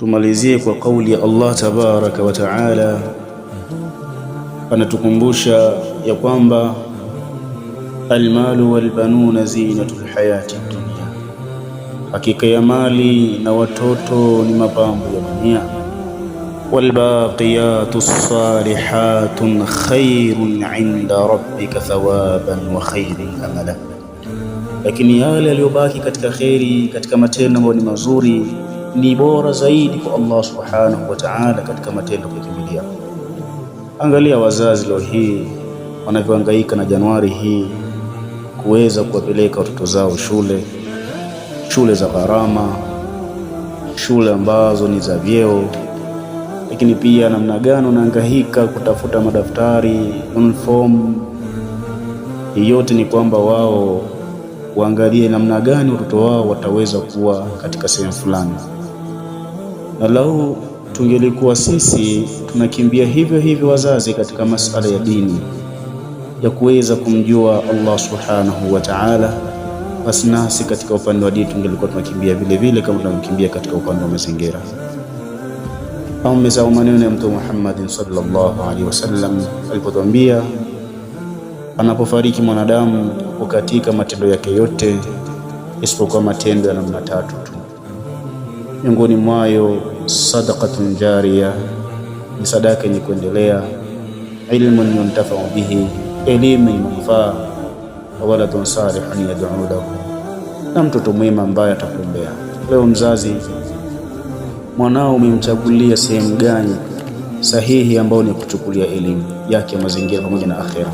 Tumalizie kwa kauli ya Allah tabaraka wa taala, anatukumbusha ya kwamba almalu walbanuna zinatu hayati dunya, hakika ya mali na watoto ni mapambo ya dunia. Walbaqiyatu salihatun khairun inda rabbika thawaban wa khairin amala, lakini yale yaliyobaki katika kheri, katika matendo ambayo ni mazuri ni bora zaidi kwa Allah subhanahu wa ta'ala katika matendo kukimbilia. Angalia wazazi leo hii wanavyohangaika na Januari hii kuweza kuwapeleka watoto zao shule, shule za gharama, shule ambazo ni za vyeo, lakini pia namna gani wanahangaika kutafuta madaftari uniform. Yote ni kwamba wao waangalie namna gani watoto wao wataweza kuwa katika sehemu fulani na lau tungelikuwa sisi tunakimbia hivyo hivyo wazazi katika masala ya dini ya kuweza kumjua Allah subhanahu wa ta'ala, basi nasi katika upande wa dini tungelikuwa tunakimbia vile vile kama tunavyokimbia katika upande wa mazingira. Aumezao maneno ya Mtume Muhammad sallallahu alaihi wasallam alipotwambia, anapofariki mwanadamu hukatika matendo yake yote isipokuwa matendo ya namna tatu tu miongoni mwayo sadaqatun jariya, ni sadaka yenye kuendelea, ilmun yuntafau bihi, elimu yenye wawaladun salihun yad'u lahu, na mtoto mwema ambaye atakuombea. Leo mzazi, mwanao umemchagulia sehemu gani sahihi ambayo ni kuchukulia elimu yake ya mazingira pamoja na akhera.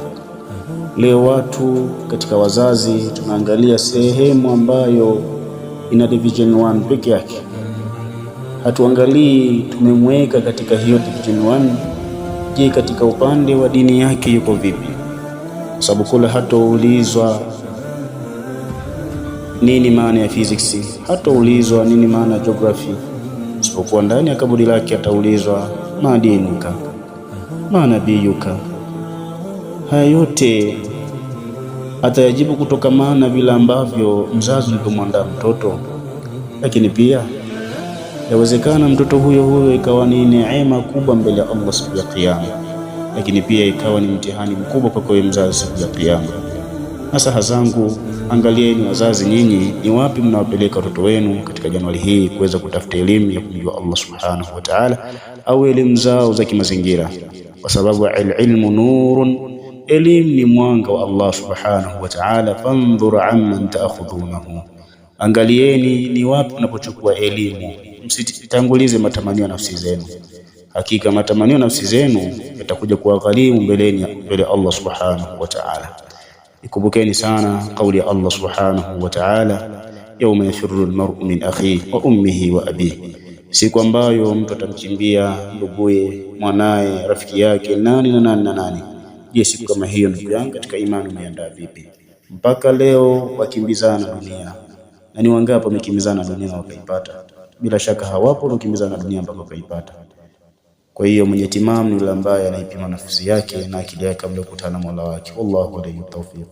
Leo watu katika wazazi tunaangalia sehemu ambayo ina division 1 peke yake hatuangalii tumemweka katika hiyo division one. Je, katika upande wa dini yake yuko vipi? Kwa sababu kule hatoulizwa nini maana ya physics, hatoulizwa nini maana ya geography, isipokuwa ndani ya kaburi lake ataulizwa madinuka biyuka Haya yote atayajibu kutokamana vile ambavyo mzazi ulipomwandaa mtoto, lakini pia yawezekana mtoto huyo huyo ikawa ni neema kubwa mbele ya Allah siku ya Kiyama, lakini pia ikawa ni mtihani mkubwa kwako mzazi siku ya Kiyama. Nasaha zangu, angalieni wazazi, nyinyi ni wapi mnawapeleka watoto wenu katika Januari hii kuweza kutafuta elimu ya kumjua Allah subhanahu wa ta'ala, au elimu zao za kimazingira, kwa sababu alilmu nurun elimu ni mwanga wa Allah subhanahu wa ta'ala. Fandhur amman taakhudhunahu, angalieni ni wapi unapochukua elimu msitangulize matamanio nafsi zenu, hakika matamanio nafsi zenu yatakuja ghalimu mbeleni mbele Allah subhanahu wa ta'ala. Ikumbukeni sana kauli ya Allah subhanahu wa ta'ala, yauma yafirru almar'u min akhihi wa ummihi wa abihi, siku ambayo mtu atamkimbia nduguye, mwanaye, rafiki yake, nani na nani na nani. Je, siku kama hiyo, ndugu yangu katika imani, umeandaa vipi? Mpaka leo wakimbizana dunia, na ni wangapi wamekimbizana dunia wakaipata? bila shaka hawapo wanaokimbizana na dunia ambapo kaipata. Kwa hiyo mwenye timamu ni yule ambaye anaipima nafsi yake na akili yake kabla ya kukutana na Mola wake. Wallahu tawfiq.